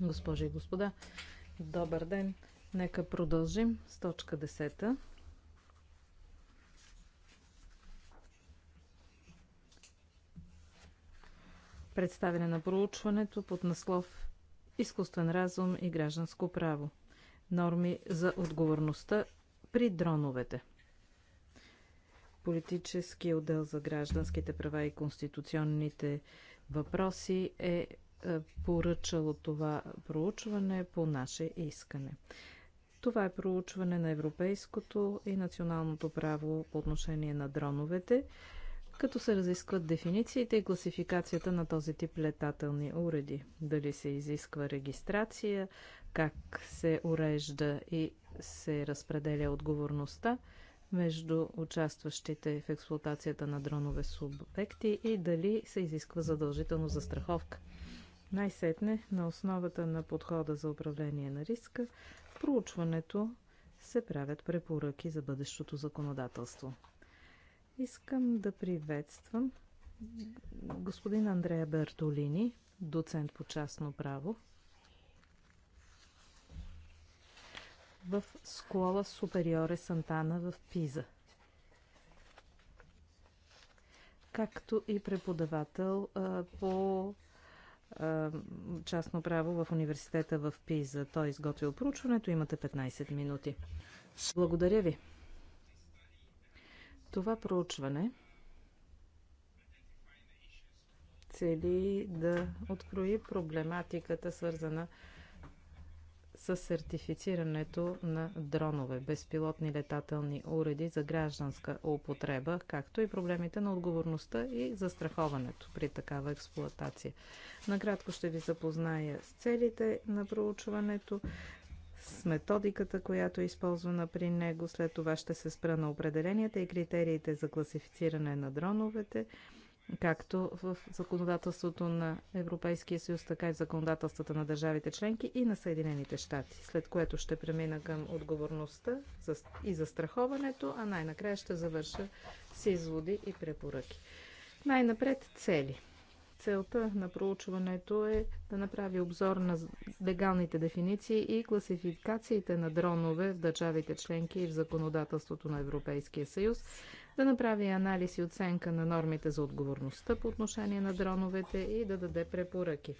Госпожи и господа, добър ден. Нека продължим с точка 10. Представяне на проучването под наслов Изкуствен разум и гражданско право. Норми за отговорността при дроновете. Политически отдел за гражданските права и конституционните въпроси е е, поръчало това проучване по наше искане. Това е проучване на европейското и националното право по отношение на дроновете, като се разискват дефинициите и класификацията на този тип летателни уреди. Дали се изисква регистрация, как се урежда и се разпределя отговорността между участващите в експлуатацията на дронове субекти и дали се изисква задължително застраховка. Най-сетне, на основата на подхода за управление на риска, в проучването се правят препоръки за бъдещото законодателство. Искам да приветствам господин Андрея Бертолини, доцент по частно право в Школа Супериоре Сантана в Пиза, както и преподавател а, по частно право в университета в Пиза. Той е изготвил проучването. Имате 15 минути. Благодаря ви. Това проучване цели да открои проблематиката, свързана с с сертифицирането на дронове, безпилотни летателни уреди за гражданска употреба, както и проблемите на отговорността и застраховането при такава експлуатация. Накратко ще ви запозная с целите на проучването, с методиката, която е използвана при него. След това ще се спра на определенията и критериите за класифициране на дроновете – както в законодателството на Европейския съюз, така и в законодателствата на държавите членки и на Съединените щати, след което ще премина към отговорността и застраховането, а най-накрая ще завърша с изводи и препоръки. Най-напред цели. Целта на проучването е да направи обзор на легалните дефиниции и класификациите на дронове в държавите членки и в законодателството на Европейския съюз, да направи анализ и оценка на нормите за отговорността по отношение на дроновете и да даде препоръки.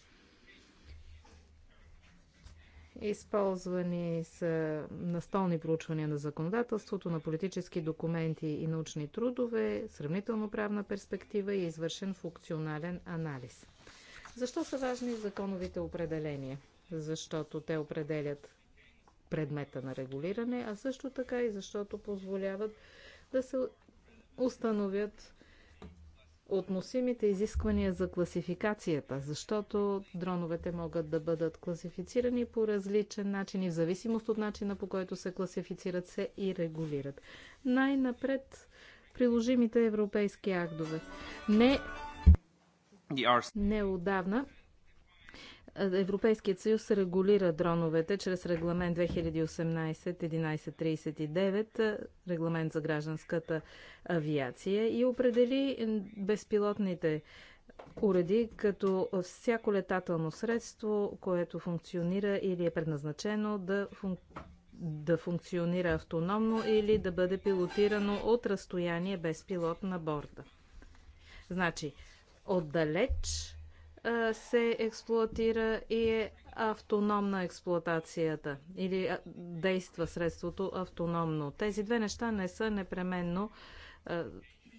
Използвани са настолни проучвания на законодателството, на политически документи и научни трудове, сравнително правна перспектива и извършен функционален анализ. Защо са важни законовите определения? Защото те определят предмета на регулиране, а също така и защото позволяват да се установят относимите изисквания за класификацията, защото дроновете могат да бъдат класифицирани по различен начин и в зависимост от начина по който се класифицират се и регулират. Най-напред приложимите европейски актове. Не, не отдавна Европейският съюз регулира дроновете чрез регламент 2018-1139, регламент за гражданската авиация и определи безпилотните уреди като всяко летателно средство, което функционира или е предназначено да, функ... да функционира автономно или да бъде пилотирано от разстояние без пилот на борда. Значи, отдалеч се експлуатира и е автономна експлуатацията или действа средството автономно. Тези две неща не са непременно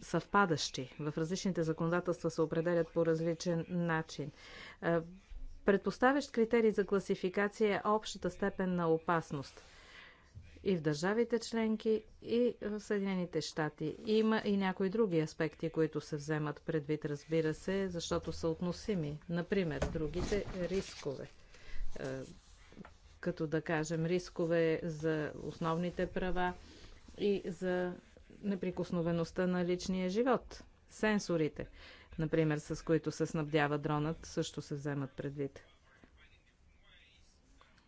съвпадащи. В различните законодателства се определят по различен начин. Предпоставящ критерий за класификация е общата степен на опасност – и в държавите членки, и в Съединените щати. Има и някои други аспекти, които се вземат предвид, разбира се, защото са относими. Например, другите рискове. Е, като да кажем рискове за основните права и за неприкосновеността на личния живот. Сенсорите, например, с които се снабдява дронът, също се вземат предвид.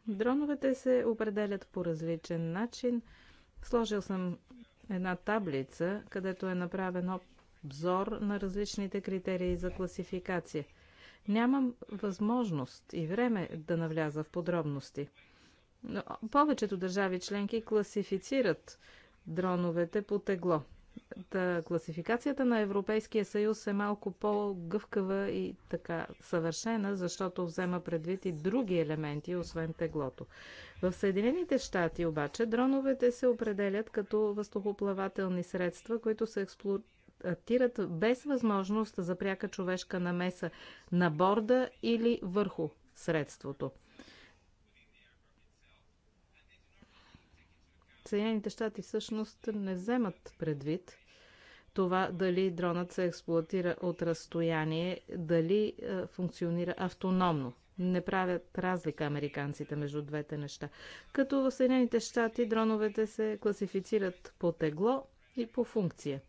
Дроновете се определят по различен начин. Сложил съм една таблица, където е направен обзор на различните критерии за класификация. Нямам възможност и време да навляза в подробности. Но повечето държави членки класифицират дроновете по тегло. Та, класификацията на Европейския съюз е малко по-гъвкава и така съвършена, защото взема предвид и други елементи, освен теглото. В Съединените щати обаче дроновете се определят като въздухоплавателни средства, които се експлуатират без възможност за пряка човешка намеса на борда или върху средството. Съединените щати всъщност не вземат предвид това дали дронът се експлуатира от разстояние, дали а, е, функционира автономно. Не правят разлика американците между двете неща. Като в Съединените щати дроновете се класифицират по тегло и по функция.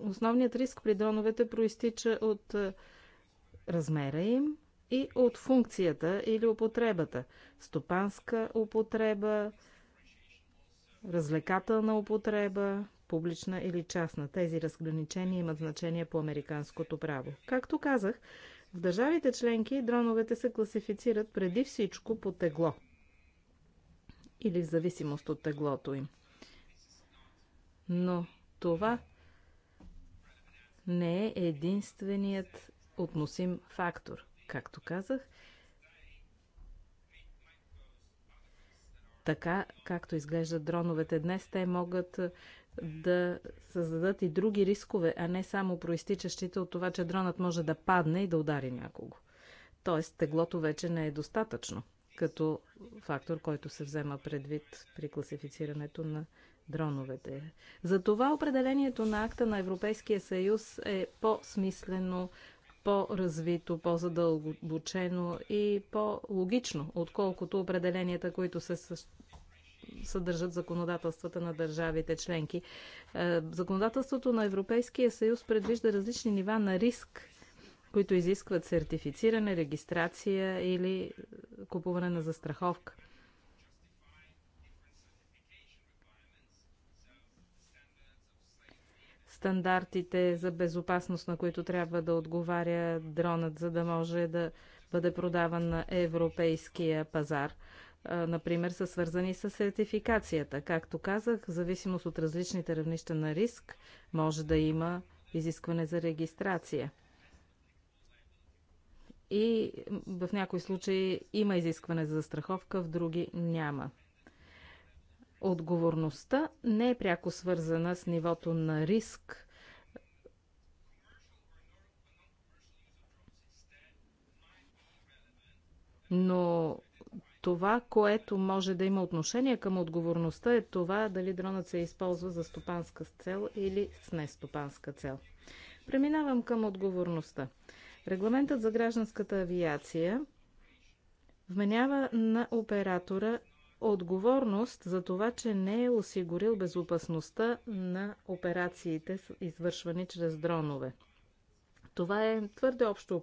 Основният риск при дроновете проистича от е, размера им, и от функцията или употребата. Стопанска употреба, развлекателна употреба, публична или частна. Тези разграничения имат значение по американското право. Както казах, в държавите членки дроновете се класифицират преди всичко по тегло или в зависимост от теглото им. Но това не е единственият относим фактор както казах, така както изглеждат дроновете днес, те могат да създадат и други рискове, а не само проистичащите от това, че дронът може да падне и да удари някого. Тоест, теглото вече не е достатъчно като фактор, който се взема предвид при класифицирането на дроновете. Затова определението на акта на Европейския съюз е по-смислено, по-развито, по-задълбочено и по-логично, отколкото определенията, които се съдържат законодателствата на държавите членки. Е, законодателството на Европейския съюз предвижда различни нива на риск, които изискват сертифициране, регистрация или купуване на застраховка. стандартите за безопасност, на които трябва да отговаря дронът, за да може да бъде продаван на европейския пазар. Например, са свързани с сертификацията. Както казах, в зависимост от различните равнища на риск, може да има изискване за регистрация. И в някои случаи има изискване за застраховка, в други няма. Отговорността не е пряко свързана с нивото на риск. Но това, което може да има отношение към отговорността е това дали дронът се използва за стопанска цел или с нестопанска цел. Преминавам към отговорността. Регламентът за гражданската авиация вменява на оператора отговорност за това, че не е осигурил безопасността на операциите, извършвани чрез дронове. Това е твърде общо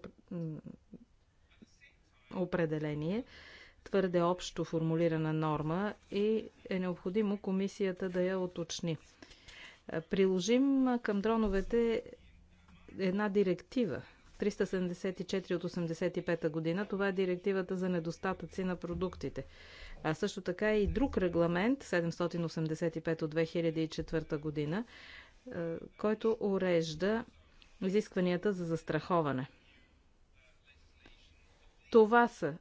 определение, твърде общо формулирана норма и е необходимо комисията да я оточни. Приложим към дроновете една директива, 374 от 85 година. Това е директивата за недостатъци на продуктите а също така и друг регламент 785 от 2004 година, който урежда изискванията за застраховане. Това са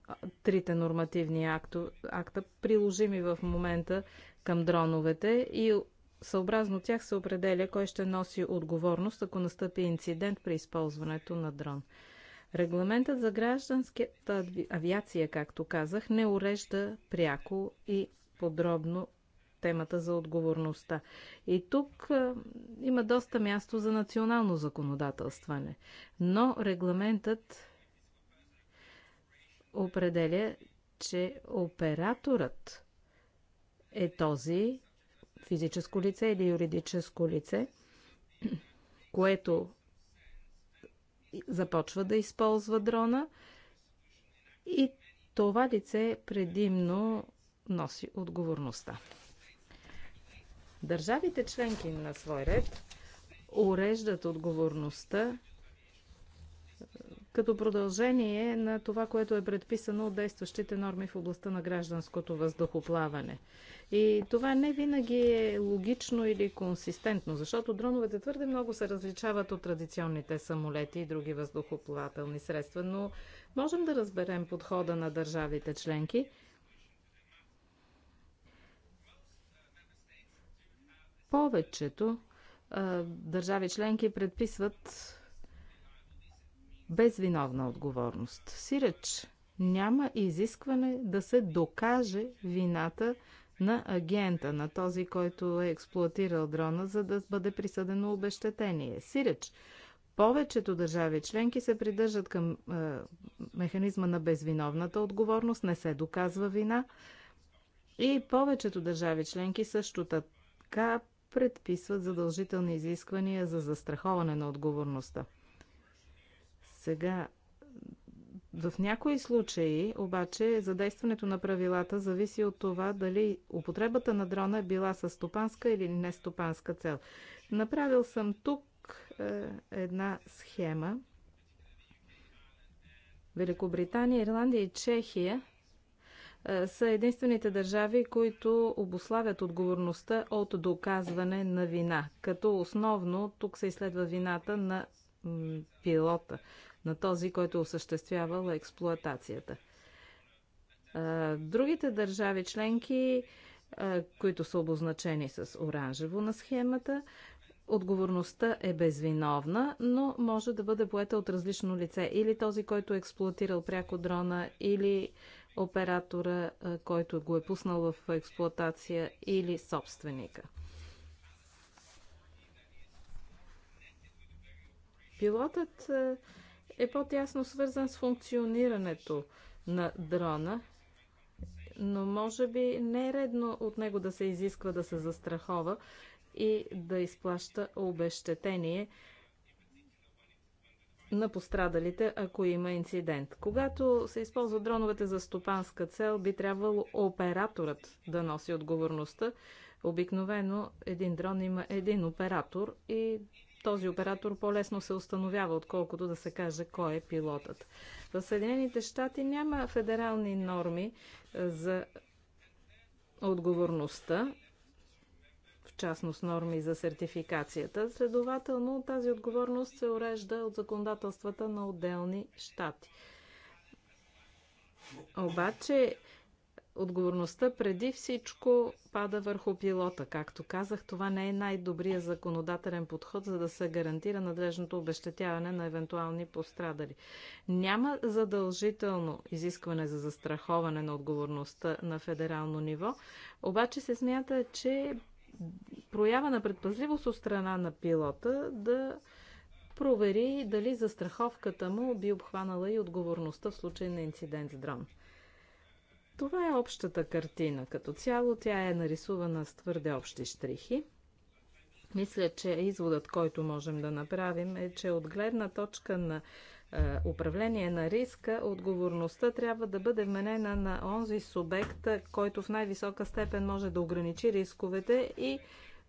трите нормативни акто, акта, приложими в момента към дроновете и съобразно тях се определя кой ще носи отговорност, ако настъпи инцидент при използването на дрон. Регламентът за гражданската авиация, както казах, не урежда пряко и подробно темата за отговорността. И тук а, има доста място за национално законодателстване. Но регламентът определя, че операторът е този физическо лице или юридическо лице, което започва да използва дрона и това лице предимно носи отговорността. Държавите членки на свой ред уреждат отговорността като продължение на това, което е предписано от действащите норми в областта на гражданското въздухоплаване. И това не винаги е логично или консистентно, защото дроновете твърде много се различават от традиционните самолети и други въздухоплавателни средства, но можем да разберем подхода на държавите членки. Повечето държави членки предписват Безвиновна отговорност. Сиреч няма изискване да се докаже вината на агента, на този, който е експлуатирал дрона, за да бъде присъдено обещетение. Сиреч, повечето държави членки се придържат към е, механизма на безвиновната отговорност, не се доказва вина. И повечето държави членки също така предписват задължителни изисквания за застраховане на отговорността. Сега, в някои случаи, обаче, задействането на правилата зависи от това дали употребата на дрона е била с стопанска или нестопанска цел. Направил съм тук е, една схема. Великобритания, Ирландия и Чехия е, са единствените държави, които обославят отговорността от доказване на вина, като основно тук се изследва вината на пилота на този, който осъществявал експлоатацията. Другите държави членки, които са обозначени с оранжево на схемата, отговорността е безвиновна, но може да бъде поета от различно лице. Или този, който е експлуатирал пряко дрона, или оператора, който го е пуснал в експлуатация, или собственика. Пилотът е по-тясно свързан с функционирането на дрона, но може би не е редно от него да се изисква да се застрахова и да изплаща обещетение на пострадалите, ако има инцидент. Когато се използват дроновете за стопанска цел, би трябвало операторът да носи отговорността. Обикновено един дрон има един оператор и този оператор по-лесно се установява, отколкото да се каже кой е пилотът. В Съединените щати няма федерални норми за отговорността, в частност норми за сертификацията. Следователно тази отговорност се урежда от законодателствата на отделни щати. Обаче Отговорността преди всичко пада върху пилота. Както казах, това не е най-добрият законодателен подход, за да се гарантира надлежното обещетяване на евентуални пострадали. Няма задължително изискване за застраховане на отговорността на федерално ниво, обаче се смята, че проява на предпазливост от страна на пилота да провери дали застраховката му би обхванала и отговорността в случай на инцидент с дрон. Това е общата картина. Като цяло тя е нарисувана с твърде общи штрихи. Мисля, че изводът, който можем да направим е, че от гледна точка на е, управление на риска, отговорността трябва да бъде вменена на онзи субект, който в най-висока степен може да ограничи рисковете и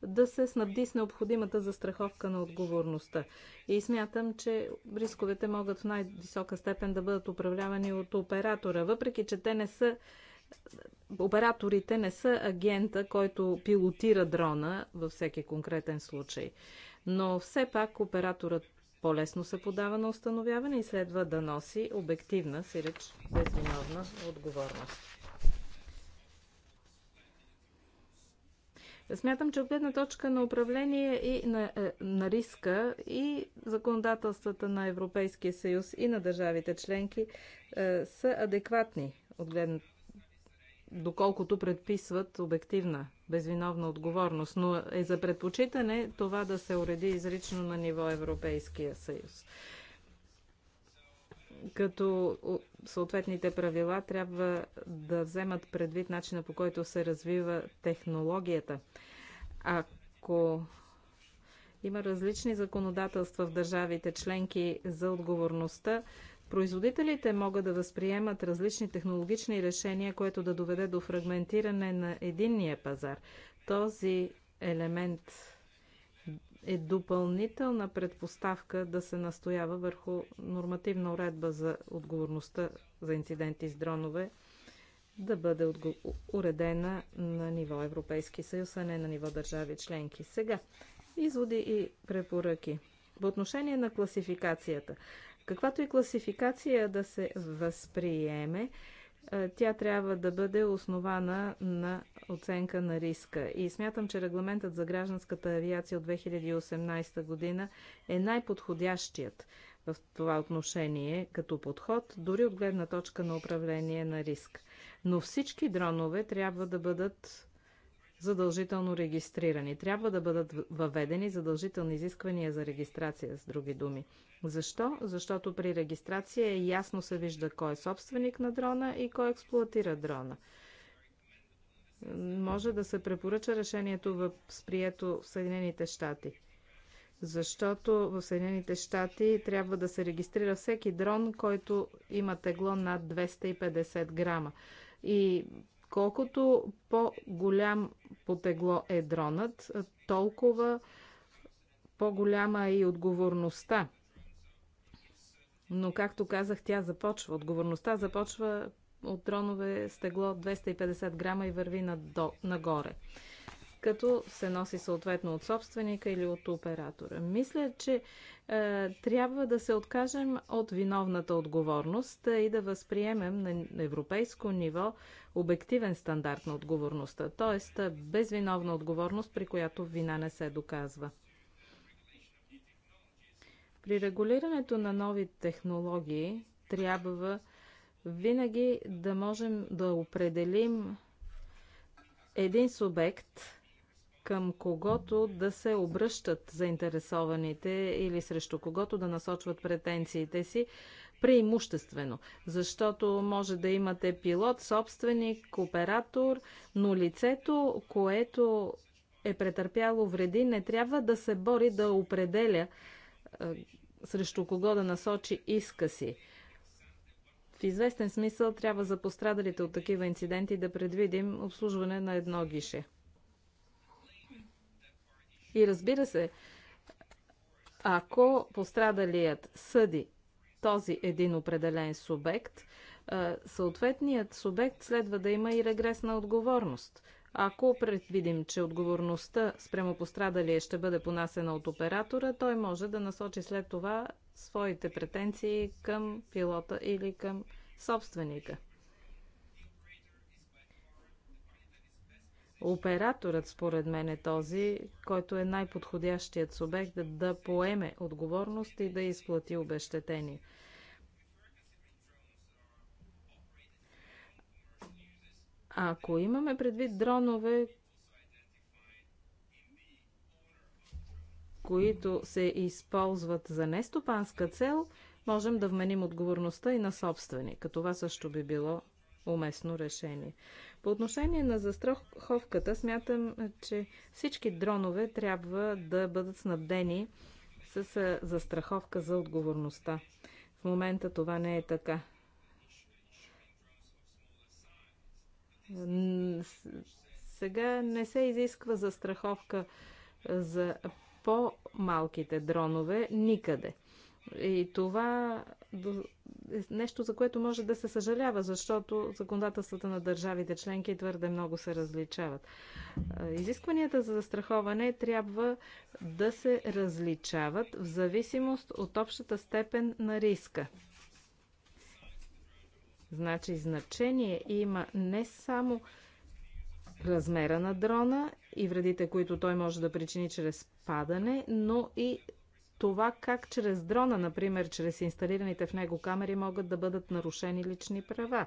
да се снабди с необходимата застраховка на отговорността. И смятам, че рисковете могат в най-висока степен да бъдат управлявани от оператора, въпреки че те не са операторите не са агента, който пилотира дрона във всеки конкретен случай. Но все пак операторът по-лесно се подава на установяване и следва да носи обективна, сиреч безвиновна отговорност. Смятам, че от гледна точка на управление и на, е, на риска и законодателствата на Европейския съюз и на държавите членки е, са адекватни от гледна доколкото предписват обективна, безвиновна отговорност, но е за предпочитане това да се уреди изрично на ниво Европейския съюз. Като съответните правила трябва да вземат предвид начина по който се развива технологията. Ако има различни законодателства в държавите членки за отговорността, производителите могат да възприемат различни технологични решения, което да доведе до фрагментиране на единния пазар. Този елемент е допълнителна предпоставка да се настоява върху нормативна уредба за отговорността за инциденти с дронове да бъде уредена на ниво Европейски съюз, а не на ниво държави членки. Сега, изводи и препоръки. По отношение на класификацията. Каквато и класификация да се възприеме, е, тя трябва да бъде основана на оценка на риска. И смятам, че регламентът за гражданската авиация от 2018 година е най-подходящият в това отношение като подход, дори от гледна точка на управление на риск. Но всички дронове трябва да бъдат задължително регистрирани. Трябва да бъдат въведени задължителни изисквания за регистрация, с други думи. Защо? Защото при регистрация ясно се вижда кой е собственик на дрона и кой експлуатира дрона. Може да се препоръча решението в сприето в Съединените щати защото в Съединените щати трябва да се регистрира всеки дрон, който има тегло над 250 грама. И Колкото по-голям потегло е дронът, толкова по-голяма е и отговорността. Но, както казах, тя започва. Отговорността започва от дронове с тегло 250 грама и върви надо, нагоре като се носи съответно от собственика или от оператора. Мисля, че е, трябва да се откажем от виновната отговорност е, и да възприемем на европейско ниво обективен стандарт на отговорността, т.е. безвиновна отговорност, при която вина не се доказва. При регулирането на нови технологии трябва винаги да можем да определим един субект, към когото да се обръщат заинтересованите или срещу когото да насочват претенциите си преимуществено, защото може да имате пилот, собственик, оператор, но лицето, което е претърпяло вреди, не трябва да се бори да определя е, срещу кого да насочи иска си. В известен смисъл трябва за пострадалите от такива инциденти да предвидим обслужване на едно гише. И разбира се, ако пострадалият съди този един определен субект, съответният субект следва да има и регресна отговорност. Ако предвидим, че отговорността спрямо пострадалия ще бъде понасена от оператора, той може да насочи след това своите претенции към пилота или към собственика. Операторът, според мен, е този, който е най-подходящият субект да, да поеме отговорност и да изплати обещетение. Ако имаме предвид дронове, които се използват за нестопанска цел, можем да вменим отговорността и на собственика. Това също би било уместно решение. По отношение на застраховката, смятам, че всички дронове трябва да бъдат снабдени с застраховка за отговорността. В момента това не е така. Сега не се изисква застраховка за по-малките дронове никъде. И това е нещо, за което може да се съжалява, защото законодателствата на държавите членки твърде много се различават. Изискванията за застраховане трябва да се различават в зависимост от общата степен на риска. Значи значение има не само размера на дрона и вредите, които той може да причини чрез падане, но и това как чрез дрона, например, чрез инсталираните в него камери, могат да бъдат нарушени лични права.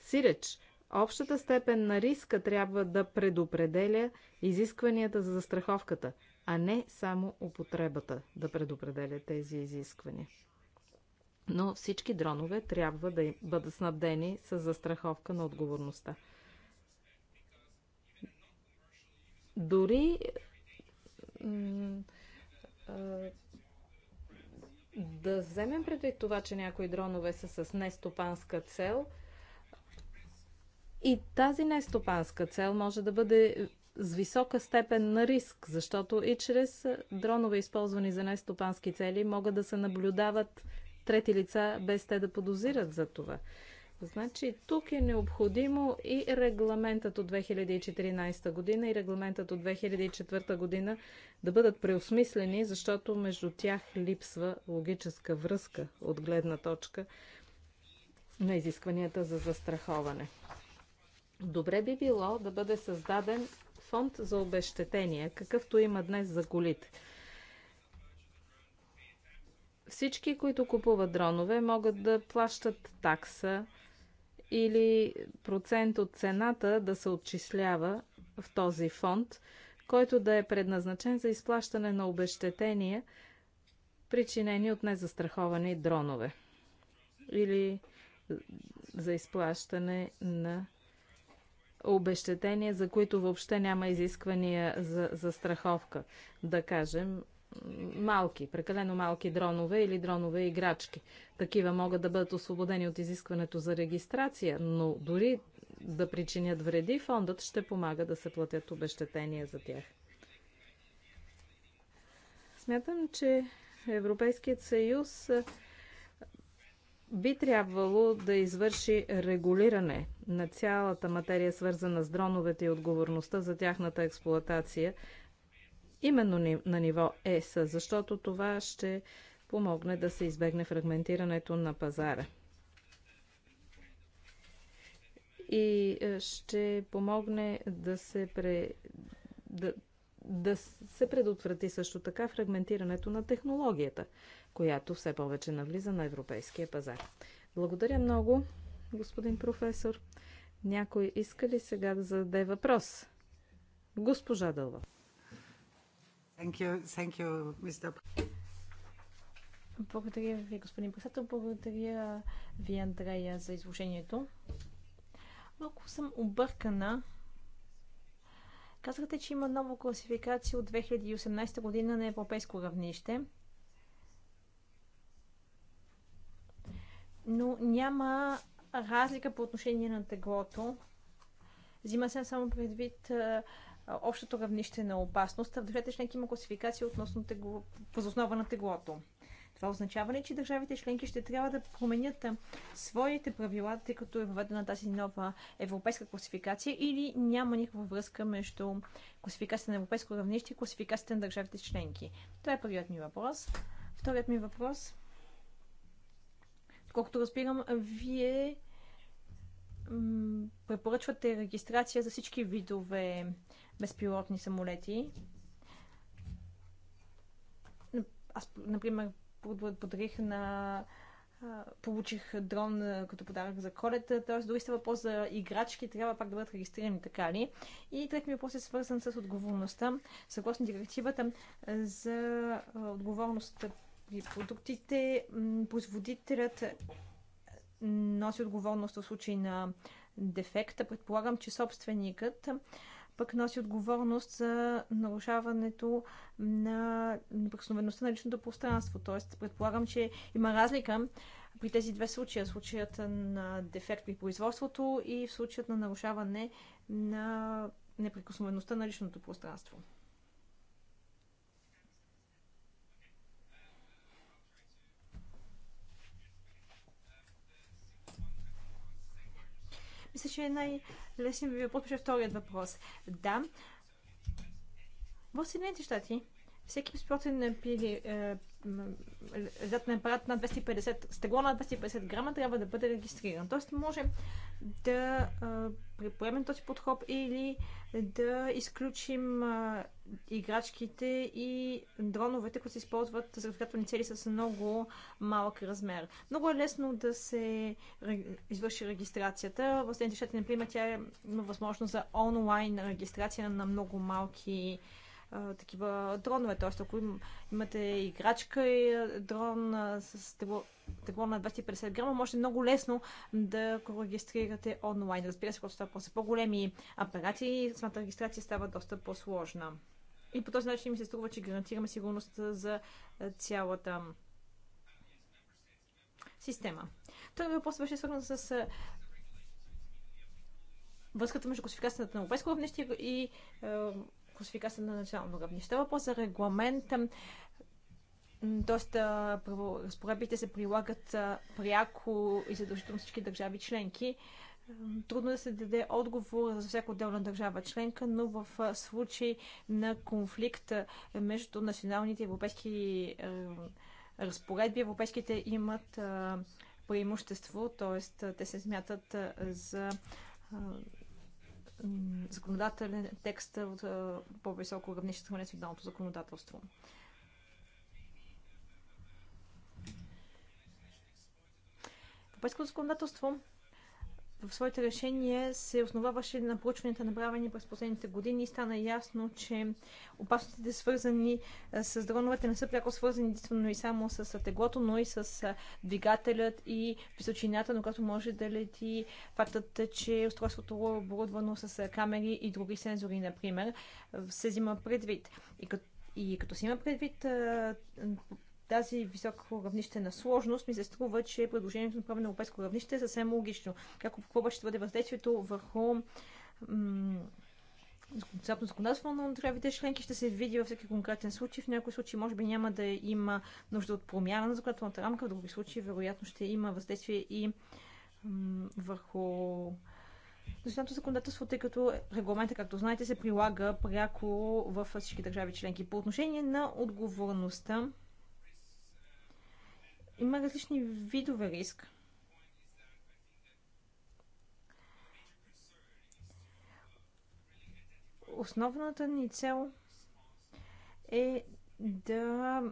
Сиреч, общата степен на риска трябва да предопределя изискванията за застраховката, а не само употребата да предопределя тези изисквания. Но всички дронове трябва да бъдат снабдени с застраховка на отговорността. Дори да вземем предвид това, че някои дронове са с нестопанска цел и тази нестопанска цел може да бъде с висока степен на риск, защото и чрез дронове, използвани за нестопански цели, могат да се наблюдават трети лица, без те да подозират за това. Значи тук е необходимо и регламентът от 2014 година и регламентът от 2004 година да бъдат преосмислени, защото между тях липсва логическа връзка от гледна точка на изискванията за застраховане. Добре би било да бъде създаден фонд за обещетение, какъвто има днес за колите. Всички, които купуват дронове, могат да плащат такса или процент от цената да се отчислява в този фонд, който да е предназначен за изплащане на обещетения, причинени от незастраховани дронове или за изплащане на обещетения, за които въобще няма изисквания за застраховка. Да кажем, малки, прекалено малки дронове или дронове играчки. Такива могат да бъдат освободени от изискването за регистрация, но дори да причинят вреди, фондът ще помага да се платят обещетения за тях. Смятам, че Европейският съюз би трябвало да извърши регулиране на цялата материя, свързана с дроновете и отговорността за тяхната експлоатация именно на ниво ЕС, защото това ще помогне да се избегне фрагментирането на пазара. И е, ще помогне да се, пре... да... да се предотврати също така фрагментирането на технологията, която все повече навлиза на европейския пазар. Благодаря много, господин професор. Някой иска ли сега да зададе въпрос? Госпожа Дълва. Thank you, thank you, Mr. Благодаря ви, господин председател. Благодаря ви, Андрея, за изложението. Малко съм объркана. Казахте, че има нова класификация от 2018 година на европейско равнище. Но няма разлика по отношение на теглото. Взима се само предвид общото равнище на опасност, а в държавите членки има класификация относно тегло, възоснова на теглото. Това означава ли, че държавите членки ще трябва да променят своите правила, тъй като е въведена тази нова европейска класификация или няма никаква връзка между класификацията на европейско равнище и класификацията на държавите членки? Това е първият ми въпрос. Вторият ми въпрос. Колкото разбирам, вие препоръчвате регистрация за всички видове безпилотни самолети. Аз, например, подарих на получих дрон като подарък за колета, т.е. дори сте въпрос за играчки, трябва пак да бъдат регистрирани, така ли? И трети ми въпрос е свързан с отговорността, съгласно директивата за отговорността при продуктите. Производителят носи отговорност в случай на дефекта. Предполагам, че собственикът пък носи отговорност за нарушаването на неприкосновеността на личното пространство. Тоест, предполагам, че има разлика при тези две случая. Случаят на дефект при производството и в случаят на нарушаване на неприкосновеността на личното пространство. Мисля, че е най-лесният ми въпрос беше вторият въпрос. Да, в Съединените щати всеки спортен пили, е, летателен апарат е, на 250, стегло на 250 грама трябва да бъде регистриран. Тоест може да препоемем този подход или да изключим играчките и дроновете, които се използват за разгадателни цели с много малък размер. Много е лесно да се извърши регистрацията. В Съединените щати, например, тя има възможност за онлайн регистрация на много малки а, такива дронове. Тоест, ако им, имате играчка и дрон а, с тегло, тегло на 250 грама, може много лесно да го регистрирате онлайн. Разбира се, когато става после по-големи апарати, самата регистрация става доста по-сложна. И по този начин ми се струва, че гарантираме сигурността за цялата система. Този въпрос беше свързан с връзката между класификацията на европейско равнище и класификация на национално равнище. Става въпрос за регламент т.е. разпоредбите се прилагат пряко и задължително всички държави членки. Трудно е да се даде отговор за всяка отделна държава членка, но в случай на конфликт между националните европейски разпоредби, европейските имат преимущество, т.е. те се смятат за законодателен текст от по-високо равнище на националното законодателство. Европейското законодателство в своите решения се основаваше на проучванията, направени през последните години и стана ясно, че опасностите, свързани с дроновете, не са пряко свързани единствено и само с теглото, но и с двигателят и височината, на която може да лети фактът, че устройството е оборудвано с камери и други сензори, например, се взима предвид. И като и като си има предвид тази високо равнище на сложност, ми се струва, че предложението направено на европейско равнище е съвсем логично. Какво, какво ще бъде въздействието върху Концептно законодателство, на държавите членки ще се види във всеки конкретен случай. В някои случаи може би няма да има нужда от промяна на законодателната рамка, в други случаи вероятно ще има въздействие и върху националното законодателство, тъй като регламента, както знаете, се прилага пряко във всички държави членки. По отношение на отговорността, има различни видове риск. Основната ни цел е да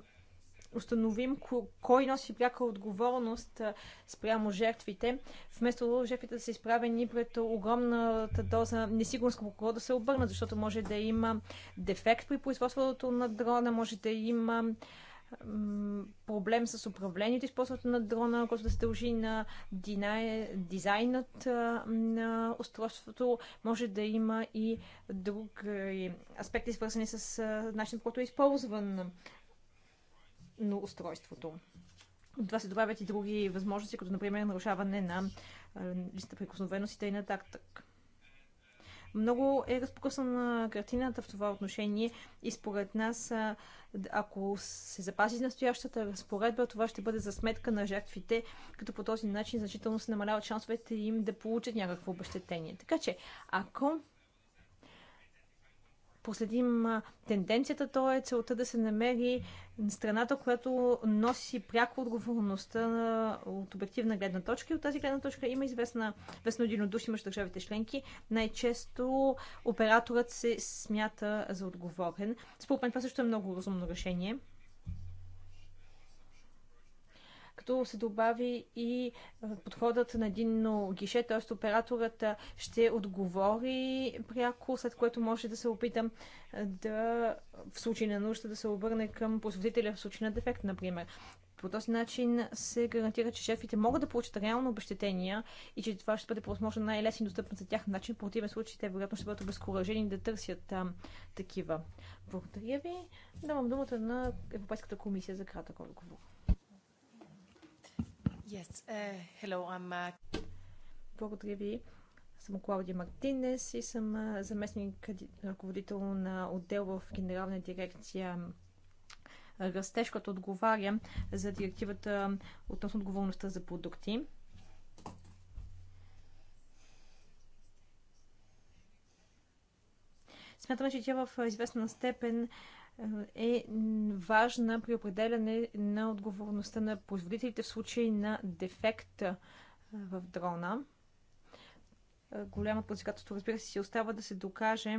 установим кой носи пряка отговорност спрямо жертвите, вместо жертвите да са изправени пред огромната доза несигурност към кого да се обърнат, защото може да има дефект при производството на дрона, може да има проблем с управлението, използването на дрона, който да се дължи на дизайнът на устройството. Може да има и други аспекти, свързани с начинът, който е използван на устройството. От това се добавят и други възможности, като например нарушаване на листа прикосновеност и т.н. нататък. Много е разпокъсана картината в това отношение и според нас, ако се запази настоящата разпоредба, това ще бъде за сметка на жертвите, като по този начин значително се намаляват шансовете им да получат някакво обещетение. Така че, ако проследим тенденцията, то е целта да се намери страната, която носи пряко отговорността от обективна гледна точка. И от тази гледна точка има известна, известно единодушие между държавите членки. Най-често операторът се смята за отговорен. Според мен това също е много разумно решение като се добави и подходът на единно гише, т.е. операторът ще отговори пряко, след което може да се опитам да в случай на нужда да се обърне към производителя в случай на дефект, например. По този начин се гарантира, че шефите могат да получат реално обещетения и че това ще бъде възможно най-лесен достъпен за тях начин. В противен случай те вероятно ще бъдат обезкуражени да търсят там такива. Благодаря ви. Давам думата на Европейската комисия за кратък отговор. Yes. Uh, hello, I'm... Uh... Благодаря ви. Съм Клаудия Мартинес и съм заместник ръководител на отдел в Генерална дирекция Растеж, като отговаря за директивата относно отговорността за продукти. Смятаме, че тя е в известна степен е важна при определяне на отговорността на производителите в случай на дефект в дрона. Голямо предизвикателство, разбира се, си остава да се докаже,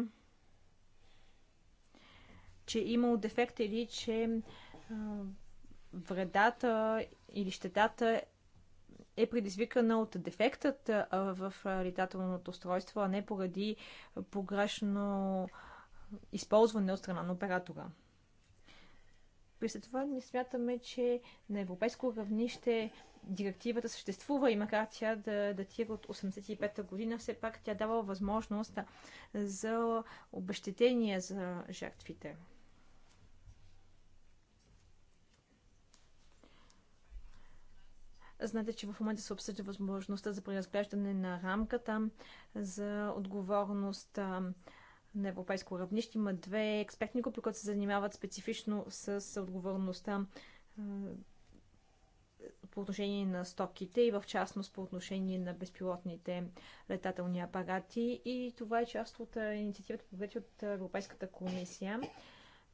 че е имало дефект или че вредата или щетата е предизвикана от дефектът в летателното устройство, а не поради погрешно използване от страна на оператора. При след това не смятаме, че на европейско равнище директивата съществува и макар тя да датира от 85-та година, все пак тя дава възможност за обещетения за жертвите. Знаете, че в момента се обсъжда възможността за преразглеждане на рамката за отговорност на европейско равнище. Има две експертни групи, които се занимават специфично с отговорността по отношение на стоките и в частност по отношение на безпилотните летателни апарати. И това е част от инициативата, вече от Европейската комисия.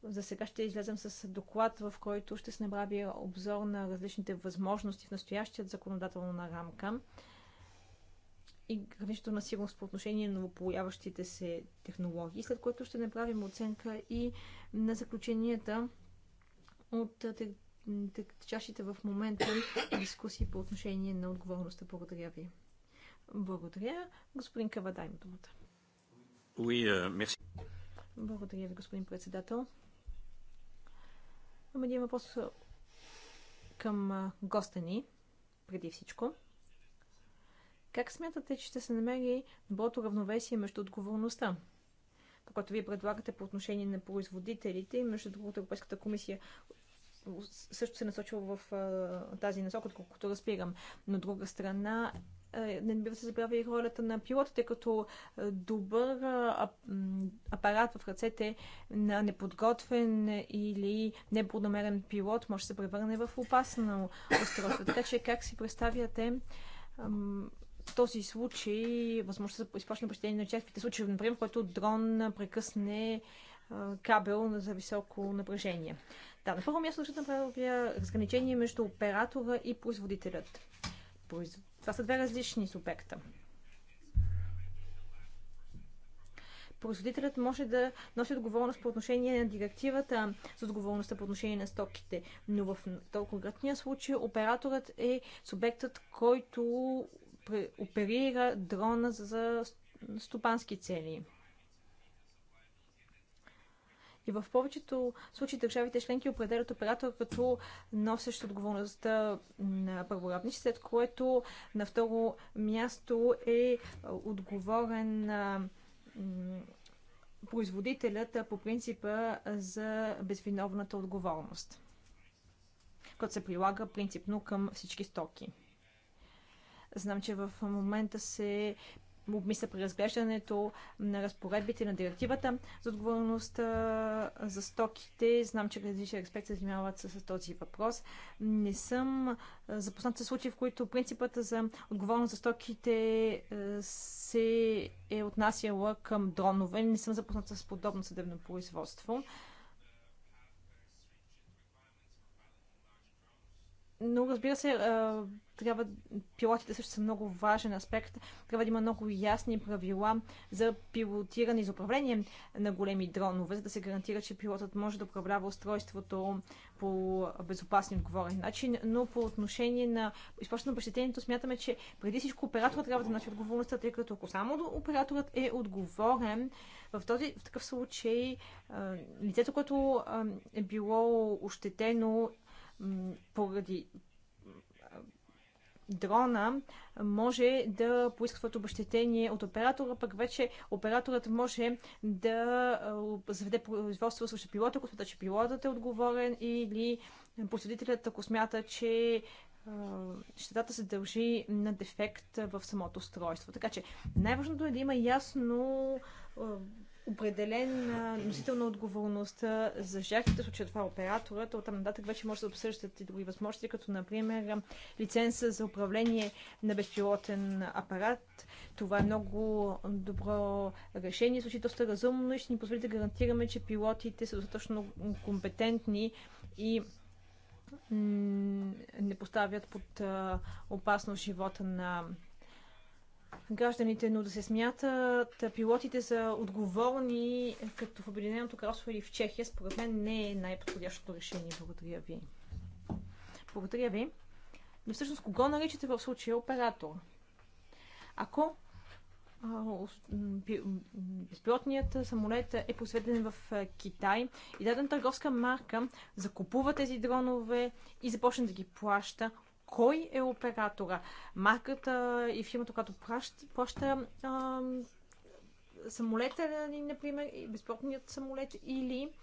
За сега ще излезем с доклад, в който ще се направи обзор на различните възможности в настоящият законодателна рамка и граничето на сигурност по отношение на новопояващите се технологии, след което ще направим оценка и на заключенията от течащите в момента дискусии по отношение на отговорността. Благодаря ви. Благодаря. Господин Кавадай има думата. Oui, uh, Благодаря ви, господин председател. Имам един въпрос към госта ни, преди всичко. Как смятате, че ще се намери доброто равновесие между отговорността? Това, което вие предлагате по отношение на производителите и между другото Европейската комисия също се насочва в а, тази насока, отколкото разбирам. Но от друга страна, не бива се забравя и ролята на пилота, тъй като добър апарат в ръцете на неподготвен или неподнамерен пилот може да се превърне в опасно устройство. Така че как си представяте този случай, възможност да изплащане обещание на черпите случаи, например, който дрон прекъсне кабел за високо напрежение. Да, на първо място ще направя разграничение между оператора и производителят. Това са две различни субекта. производителят може да носи отговорност по отношение на директивата с отговорността по отношение на стоките, но в толкова конкретния случай операторът е субектът, който оперира дрона за стопански цели. И в повечето случаи държавите членки определят оператор като носещ отговорността на първорабнич, след което на второ място е отговорен производителят по принципа за безвиновната отговорност, който се прилага принципно към всички стоки. Знам, че в момента се обмисля преразглеждането на разпоредбите на директивата за отговорността за стоките. Знам, че различни експерти се занимават с този въпрос. Не съм запознат с случаи, в които принципата за отговорност за стоките се е отнасяла към дронове. Не съм запознат с подобно съдебно производство. но разбира се, трябва, пилотите също са много важен аспект. Трябва да има много ясни правила за пилотиране и за управление на големи дронове, за да се гарантира, че пилотът може да управлява устройството по безопасен отговорен начин. Но по отношение на изплащане на обещетението, смятаме, че преди всичко операторът трябва да носи отговорността, тъй като ако само операторът е отговорен, в, този, в такъв случай лицето, което е било ощетено поради дрона може да поиска своето обещетение от оператора, пък вече операторът може да заведе производство срещу пилота, ако смята, че пилотът е отговорен или посетителят, ако смята, че щетата се дължи на дефект в самото устройство. Така че най-важното е да има ясно определен носител на отговорността за жертвите, случая това оператора, операторът, оттам нататък вече може да обсъждат и други възможности, като например лиценза за управление на безпилотен апарат. Това е много добро решение, случи доста разумно и ще ни позволи да гарантираме, че пилотите са достатъчно компетентни и не поставят под опасност живота на гражданите, но да се смятат пилотите за отговорни, като в Обединеното кралство или в Чехия, според мен не е най-подходящото решение. Благодаря ви. Благодаря ви. Но всъщност кого наричате в случая оператор? Ако безпилотният самолет е посветен в Китай и даден търговска марка закупува тези дронове и започне да ги плаща, кой е оператора, марката и фирмата, която плаща, плаща а, самолета, например, безплатният самолет или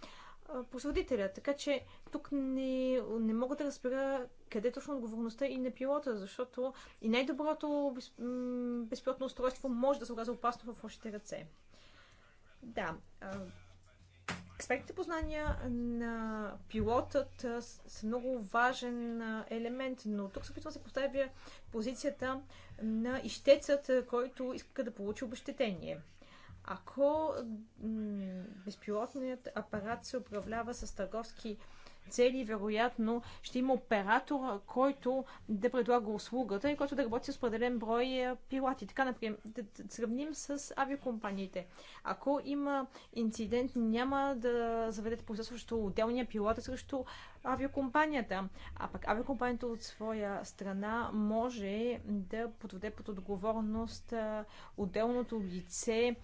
посредителя. Така че тук не, не мога да разбера къде точно отговорността и на пилота, защото и най-доброто безплатно устройство може да се оказа опасно в вашите ръце. Да, Експертните познания на пилотът са много важен елемент, но тук се опитвам да се поставя позицията на ищецът, който иска да получи обещетение. Ако безпилотният апарат се управлява с търговски цели, вероятно ще има оператор, който да предлага услугата и който да работи с определен брой е, пилати. Така, например, да сравним с авиокомпаниите. Ако има инцидент, няма да заведете процес срещу отделния пилот, срещу авиокомпанията. А пък авиокомпанията от своя страна може да подведе под отговорност отделното лице,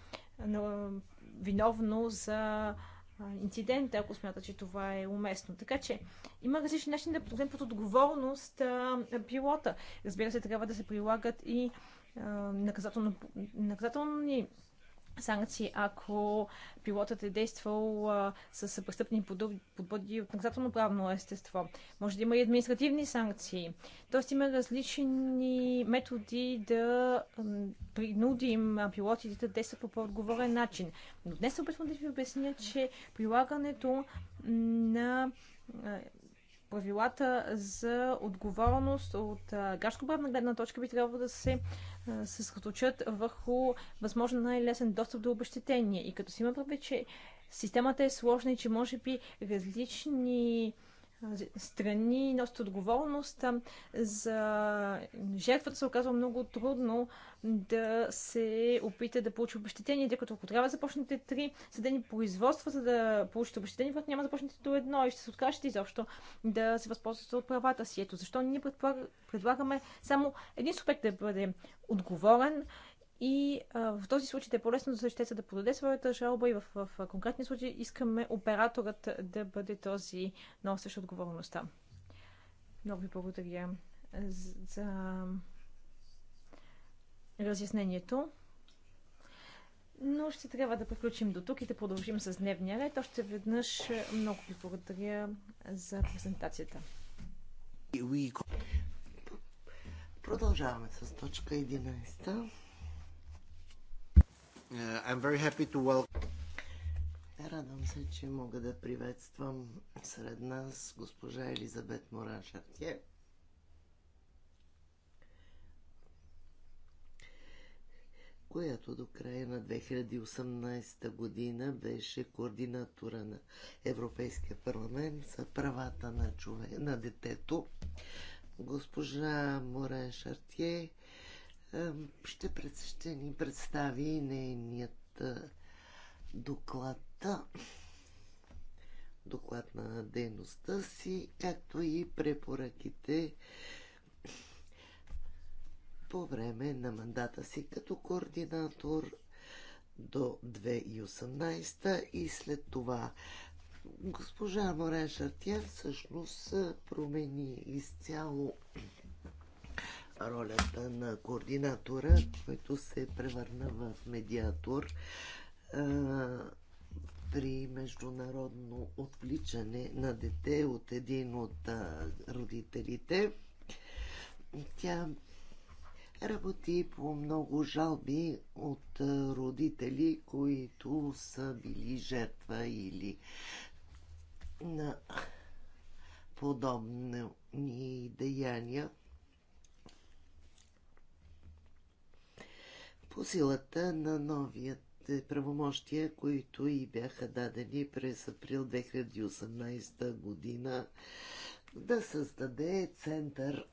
виновно за инцидент, ако смята, че това е уместно. Така че има различни начини да подходим под отговорност а, пилота. Разбира се, трябва да се прилагат и а, наказателно, наказателни санкции, ако пилотът е действал а, с престъпни подбуди от наказателно правно естество. Може да има и административни санкции. Тоест има различни методи да принудим пилотите да действат по по-отговорен начин. Но днес се опитвам да ви обясня, че прилагането на правилата за отговорност от гражданско-правна гледна точка би трябвало да се съсредоточат върху възможно най-лесен достъп до обещетения. И като си има правил, че системата е сложна и че може би различни страни носят отговорност за жертвата се оказва много трудно да се опита да получи обещетение, тъй като ако трябва да започнете три съдени производства, за да получите обещетение, когато няма да започнете до едно и ще се откажете изобщо да се възползвате от правата си. Ето защо ние предлагаме само един субект да бъде отговорен и а, в този случай е по-лесно за защитеца да подаде своята жалба и в, в, в конкретния случай искаме операторът да бъде този носещ отговорността. Много ви благодаря за разяснението. Но ще трябва да приключим до тук и да продължим с дневния ред. Още веднъж много ви благодаря за презентацията. Продължаваме с точка 11. Uh, I'm very happy to welcome... Радвам се, че мога да приветствам сред нас госпожа Елизабет Моран Шартие. която до края на 2018 година беше координатора на Европейския парламент за правата на, човек, на детето. Госпожа Морен Шартие е, ще, пред, ще ни представи нейният е, доклад доклад на дейността си, както и препоръките по време на мандата си като координатор до 2018 и след това госпожа Морен Шартиян всъщност промени изцяло ролята на координатора, който се превърна в медиатор при международно отвличане на дете от един от родителите. Тя работи по много жалби от родители, които са били жертва или на подобни деяния. по силата на новият е, правомощия, които и бяха дадени през април 2018 година да създаде център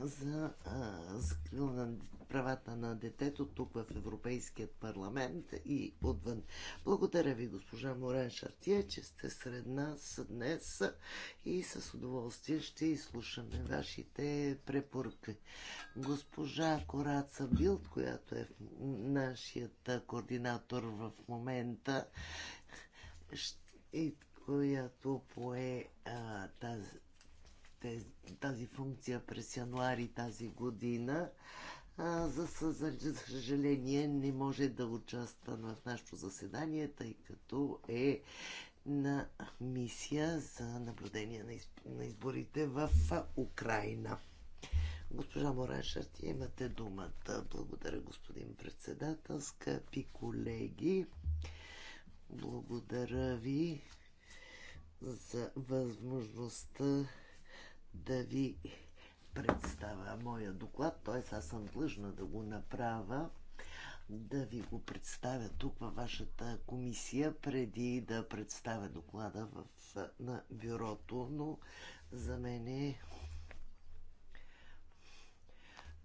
за закрила на правата на детето тук в Европейският парламент и отвън. Благодаря ви, госпожа Морен Шартия, че сте сред нас днес и с удоволствие ще изслушаме вашите препоръки. Госпожа Кораца Билд, която е нашият координатор в момента, и която пое а, тази тази функция през януари тази година. за, съжаление не може да участва в нашето заседание, тъй като е на мисия за наблюдение на изборите в Украина. Госпожа Моран Шарти, имате думата. Благодаря, господин председател, скъпи колеги. Благодаря ви за възможността да ви представя моя доклад, т.е. аз съм длъжна да го направя, да ви го представя тук във вашата комисия, преди да представя доклада в, на бюрото, но за мен е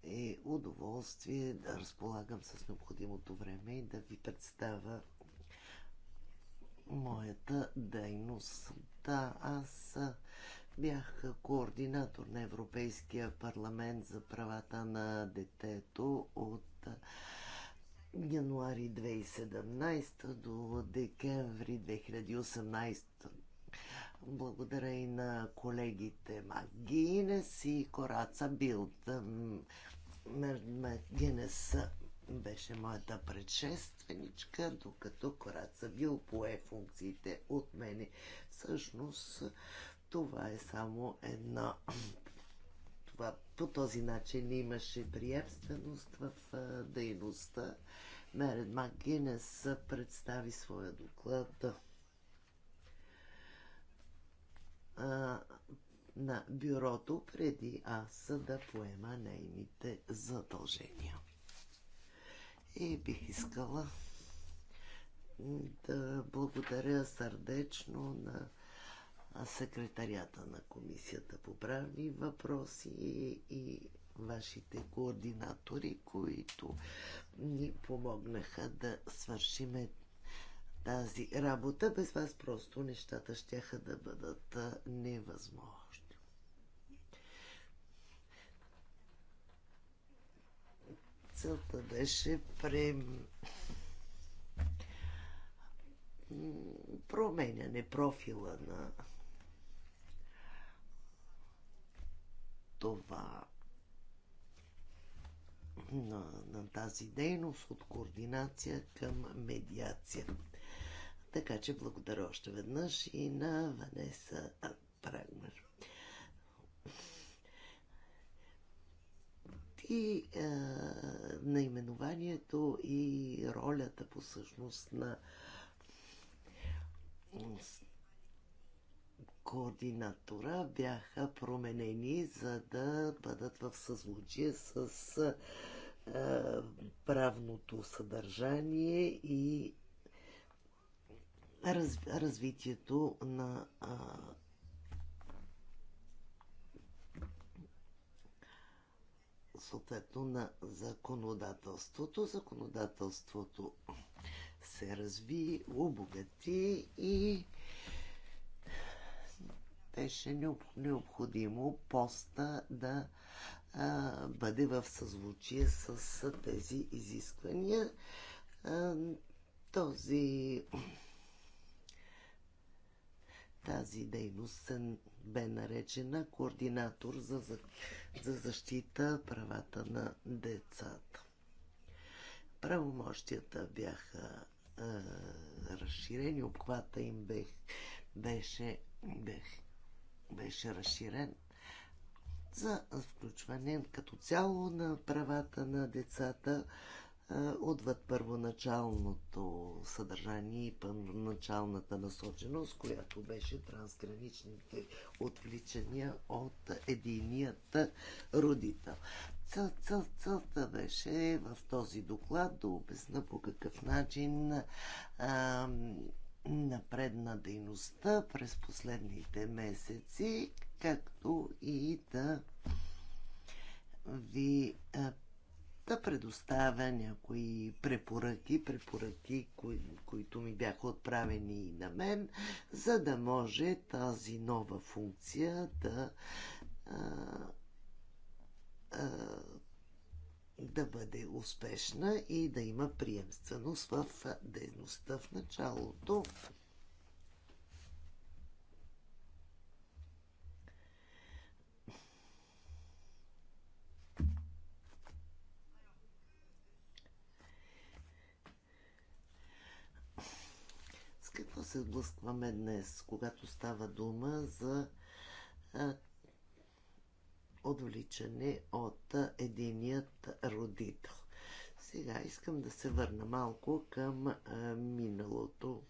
е удоволствие да разполагам с необходимото време и да ви представя моята дейност. Да, аз Бях координатор на Европейския парламент за правата на детето от януари 2017 до декември 2018. Благодаря и на колегите Магинес и Кораца Билд. Магинес беше моята предшественичка, докато Кораца Бил пое функциите от мене. Всъщност, това е само една... Това, по този начин имаше приемственост в дейността. Меред Макгинес представи своя доклад а, на бюрото преди аз да поема нейните задължения. И бих искала да благодаря сърдечно на секретарията на комисията по правни въпроси и вашите координатори, които ни помогнаха да свършиме тази работа. Без вас просто нещата ще да бъдат невъзможни. Целта беше прем... променяне профила на това на, на тази дейност от координация към медиация. Така че благодаря още веднъж и на Ванеса Прагмер. И е, наименованието и ролята по същност на координатора бяха променени, за да бъдат в съзвучие с е, правното съдържание и раз, развитието на а, съответно на законодателството. Законодателството се разви, обогати и беше необходимо поста да бъде в съзвучие с тези изисквания. Този тази дейност бе наречена координатор за, за, за защита правата на децата. Правомощията бяха е, разширени, обхвата им бе, беше, бех, беше разширен за включване като цяло на правата на децата отвъд първоначалното съдържание и първоначалната насоченост, която беше трансграничните отвличания от единият родител. Цел, цел, целта беше в този доклад да обясна по какъв начин напредна дейността през последните месеци, както и да ви да предоставя някои препоръки, препоръки, кои, които ми бяха отправени и на мен, за да може тази нова функция да а, да бъде успешна и да има приемственост в дейността в началото. С какво се сблъскваме днес, когато става дума за отвличане от единият родител. Сега искам да се върна малко към миналото.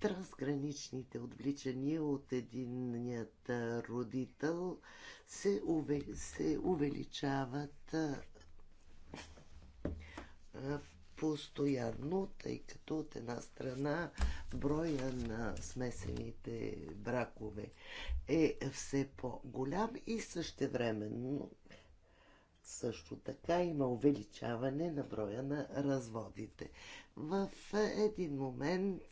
Трансграничните отвличания от единият родител се, увеличават се увеличават постоянно, тъй като от една страна броя на смесените бракове е все по-голям и същевременно също така има увеличаване на броя на разводите. В един момент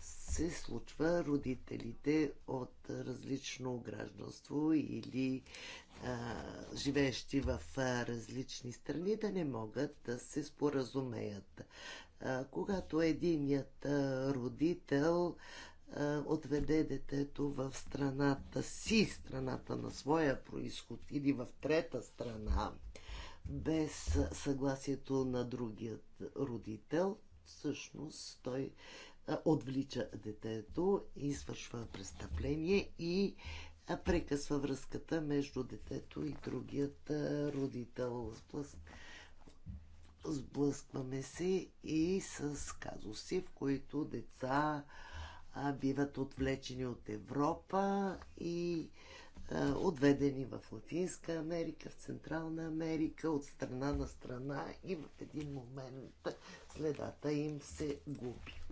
се случва родителите от различно гражданство или живеещи в различни страни, да не могат да се споразумеят. Когато единият родител отведе детето в страната си, страната на своя происход или в трета страна, без съгласието на другият родител, всъщност той отвлича детето, извършва престъпление и прекъсва връзката между детето и другият родител. Сблъскваме се и с казуси, в които деца биват отвлечени от Европа и отведени в Латинска Америка, в Централна Америка, от страна на страна и в един момент следата им се губи.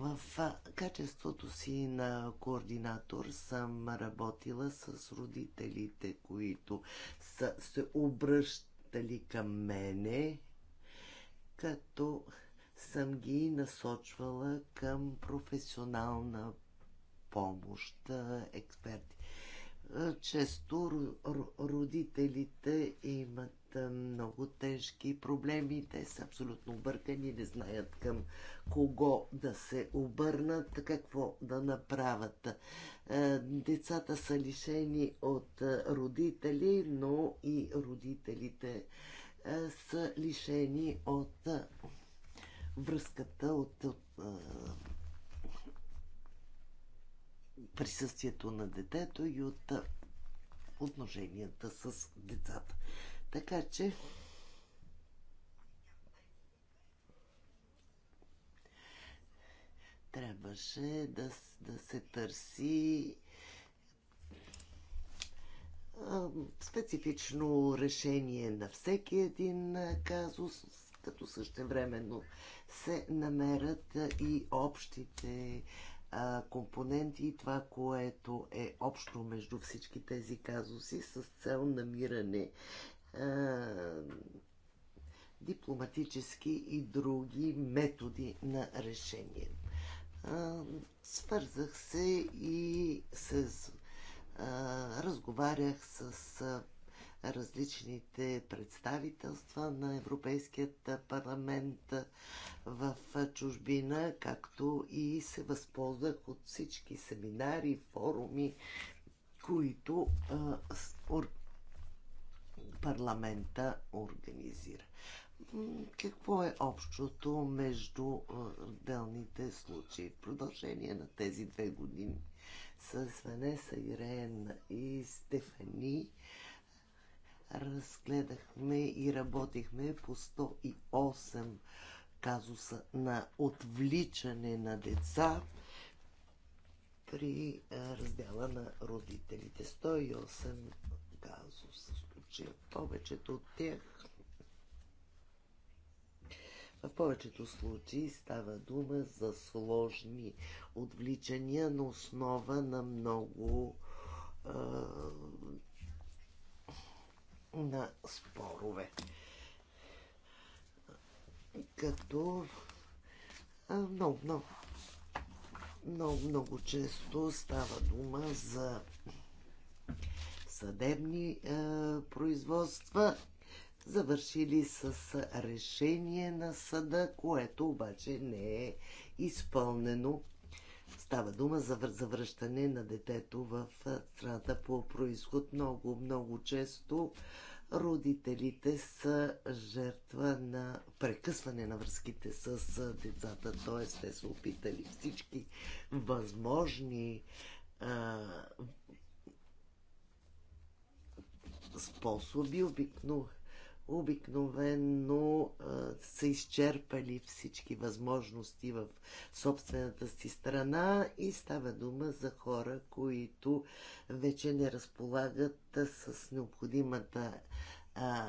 В качеството си на координатор съм работила с родителите, които са се обръщали към мене, като съм ги насочвала към професионална помощ, експерти. Често родителите имат много тежки проблеми. Те са абсолютно объркани, не знаят към кого да се обърнат, какво да направят. Децата са лишени от родители, но и родителите са лишени от връзката, от, от присъствието на детето и от отношенията с децата. Така че трябваше да, да се търси специфично решение на всеки един казус, като същевременно се намерят и общите компоненти и това, което е общо между всички тези казуси с цел намиране е, дипломатически и други методи на решение. Е, свързах се и с. Е, разговарях с различните представителства на Европейският парламент в чужбина, както и се възползвах от всички семинари, форуми, които а, парламента организира. Какво е общото между отделните случаи? В продължение на тези две години с Венеса, Ирен и Стефани разгледахме и работихме по 108 казуса на отвличане на деца при раздела на родителите. 108 казуса че повечето от тях в повечето случаи става дума за сложни отвличания на основа на много а, на спорове. Като много, много, много, много често става дума за съдебни е, производства, завършили с решение на съда, което обаче не е изпълнено. Става дума за завръщане на детето в е, страната по происход. Много, много често родителите са жертва на прекъсване на връзките с е, децата, т.е. те са опитали всички възможни а, способи. Обикновено обикновенно са изчерпали всички възможности в собствената си страна и става дума за хора, които вече не разполагат с необходимата а,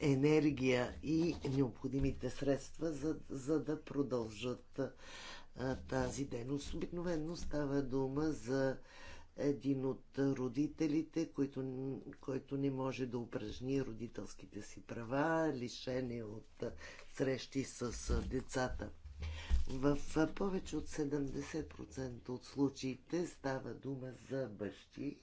енергия и необходимите средства, за, за да продължат а, тази дейност. Обикновенно става дума за а, един от родителите, който, който не може да упражни родителските си права, лишени от срещи с децата. В повече от 70% от случаите става дума за бащи,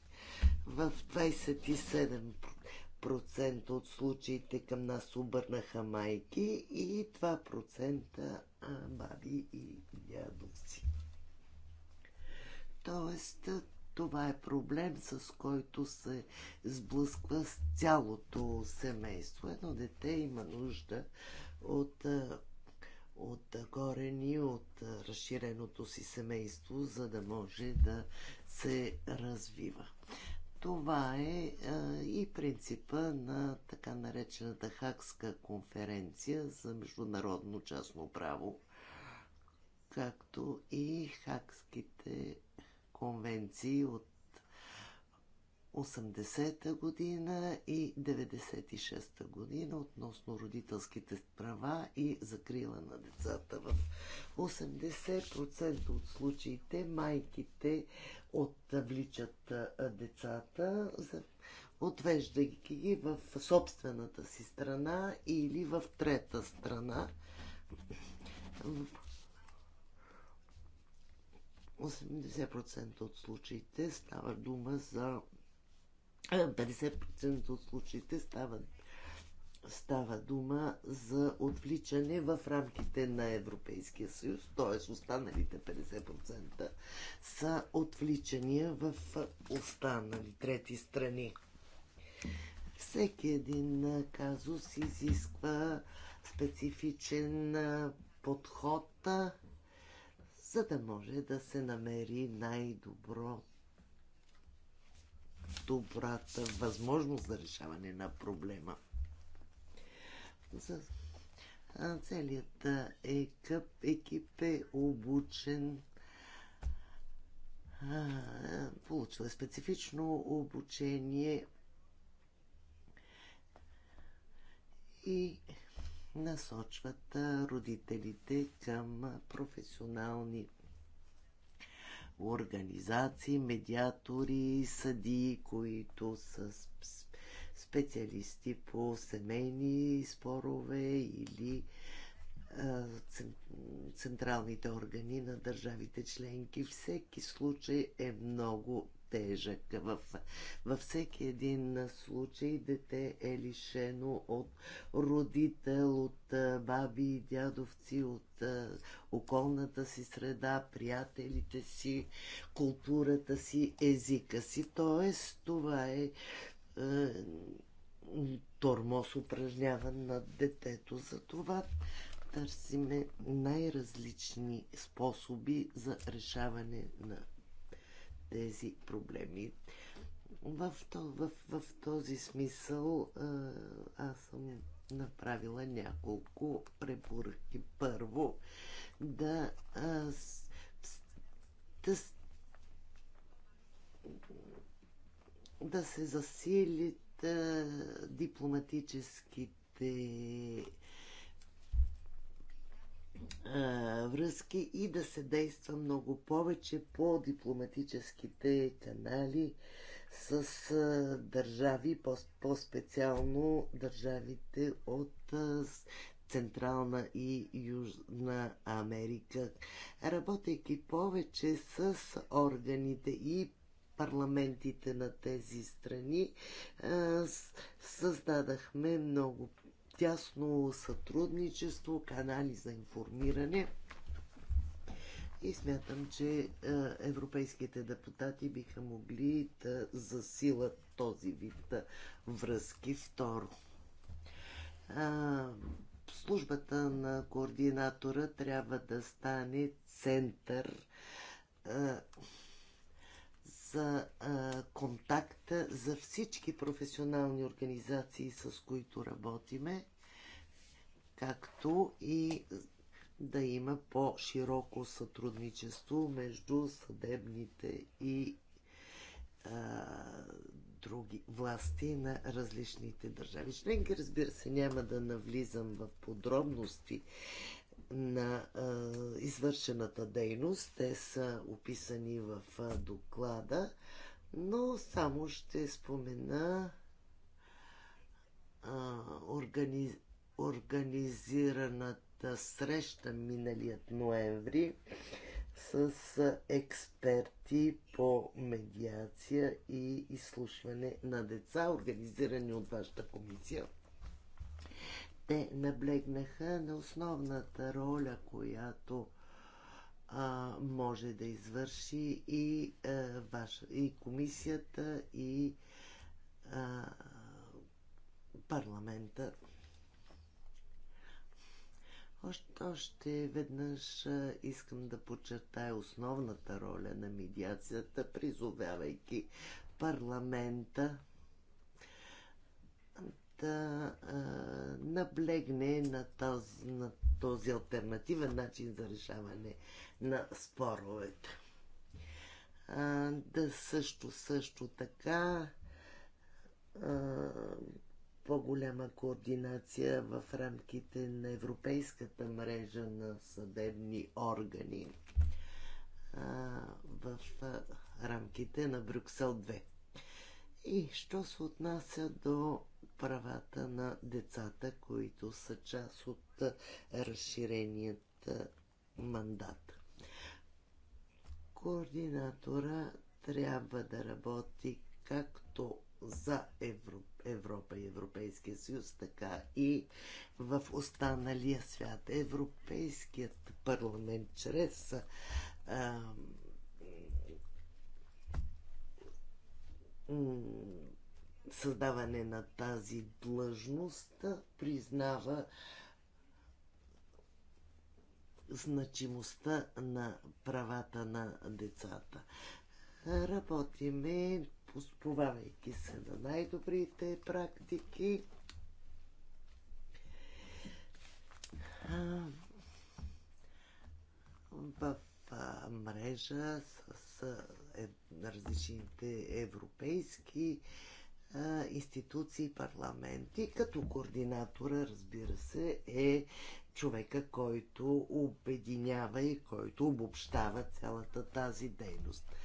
в 27% от случаите към нас обърнаха майки и 2% баби и дядовци. Тоест, това е проблем, с който се сблъсква с цялото семейство. Едно дете има нужда от, от корени, от разширеното си семейство, за да може да се развива. Това е а, и принципа на така наречената Хакска конференция за международно частно право, както и хакските, конвенции от 80-та година и 96-та година относно родителските права и закрила на децата. В 80% от случаите майките отвличат децата, отвеждайки ги в собствената си страна или в трета страна. 80% от случаите става дума за 50% от случаите става, става дума за отвличане в рамките на Европейския съюз, т.е. останалите 50% са отвличания в останали трети страни. Всеки един казус изисква специфичен подход за да може да се намери най-добро добрата възможност за решаване на проблема. За целият екъп, екип е обучен получил е специфично обучение и насочват родителите към професионални организации, медиатори, съдии, които са специалисти по семейни спорове или централните органи на държавите членки. Всеки случай е много тежък. В, във всеки един случай дете е лишено от родител, от баби и дядовци, от околната си среда, приятелите си, културата си, езика си. Тоест, това е, е тормоз упражняван над детето. Затова търсиме най-различни способи за решаване на тези проблеми. В, в, в този смисъл аз съм направила няколко препоръки. Първо, да, а, с, да, да се засилят а, дипломатическите връзки и да се действа много повече по дипломатическите канали с държави, по-специално държавите от Централна и Южна Америка, работейки повече с органите и парламентите на тези страни, създадахме много тясно сътрудничество, канали за информиране. И смятам, че е, европейските депутати биха могли да засилат този вид е, връзки. Второ, е, службата на координатора трябва да стане център за а, за всички професионални организации, с които работиме, както и да има по-широко сътрудничество между съдебните и а, други власти на различните държави. Членки, разбира се, няма да навлизам в подробности на а, извършената дейност. Те са описани в а, доклада, но само ще спомена а, органи... организираната среща миналият ноември с експерти по медиация и изслушване на деца, организирани от вашата комисия те наблегнаха на основната роля, която а, може да извърши и, а, ваш, и комисията, и а, парламента. Още, още веднъж искам да подчертая основната роля на медиацията, призовявайки парламента да а, наблегне на този, на този альтернативен начин за решаване на споровете. А, да също, също така по-голяма координация в рамките на Европейската мрежа на съдебни органи а, в а, рамките на Брюксел 2. И що се отнася до правата на децата, които са част от разширеният мандат. Координатора трябва да работи както за Европа и Европейския съюз, така и в останалия свят. Европейският парламент чрез а, създаване на тази длъжност признава значимостта на правата на децата. Работиме, повавайки се на най-добрите практики. В мрежа с е, различните европейски институции и парламенти, като координатора, разбира се, е човека, който обединява и който обобщава цялата тази дейност.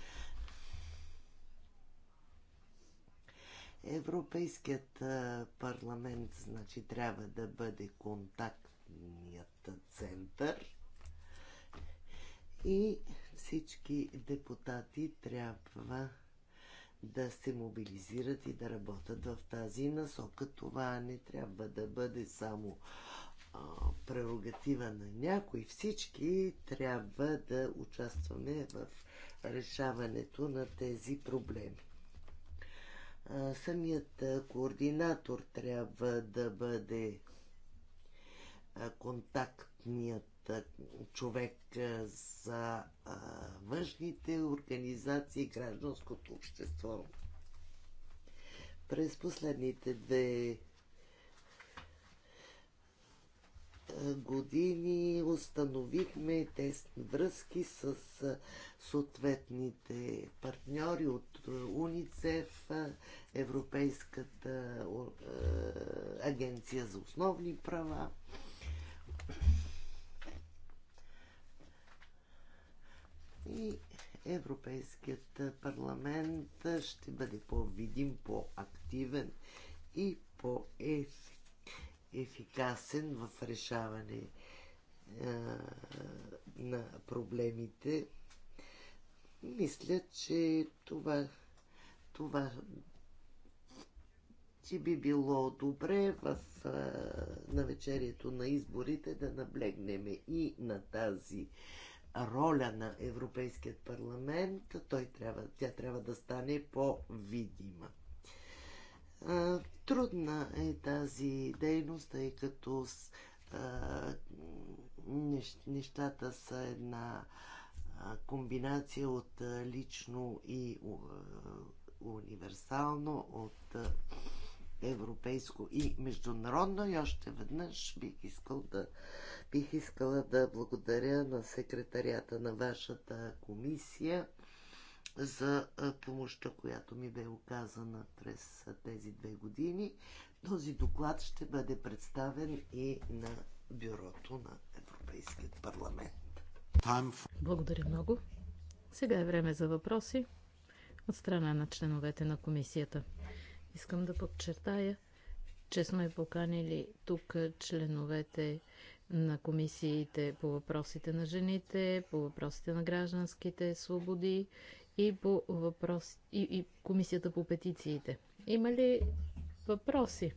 Европейският парламент, значи, трябва да бъде контактният център и всички депутати трябва да се мобилизират и да работят в тази насока. Това не трябва да бъде само а, прерогатива на някой. Всички трябва да участваме в решаването на тези проблеми. А, самият координатор трябва да бъде контактният е, човек е, за е, външните организации и гражданското общество. През последните две години установихме тесни връзки с съответните партньори от УНИЦЕФ, Европейската агенция за основни права. и Европейският парламент ще бъде по-видим, по-активен и по-ефикасен в решаване а, на проблемите. Мисля, че това, това че би било добре в а, навечерието на изборите да наблегнеме и на тази роля на Европейският парламент, той трябва, тя трябва да стане по-видима. Трудна е тази дейност, тъй като с, а, нещата са една комбинация от лично и универсално, от европейско и международно. И още веднъж бих, искал да, бих искала да благодаря на секретарията на вашата комисия за помощта, която ми бе оказана през тези две години. Този доклад ще бъде представен и на бюрото на Европейският парламент. Благодаря много. Сега е време за въпроси от страна на членовете на комисията. Искам да подчертая, че сме поканили тук членовете на комисиите по въпросите на жените, по въпросите на гражданските свободи и по въпрос... и, и комисията по петициите. Има ли въпроси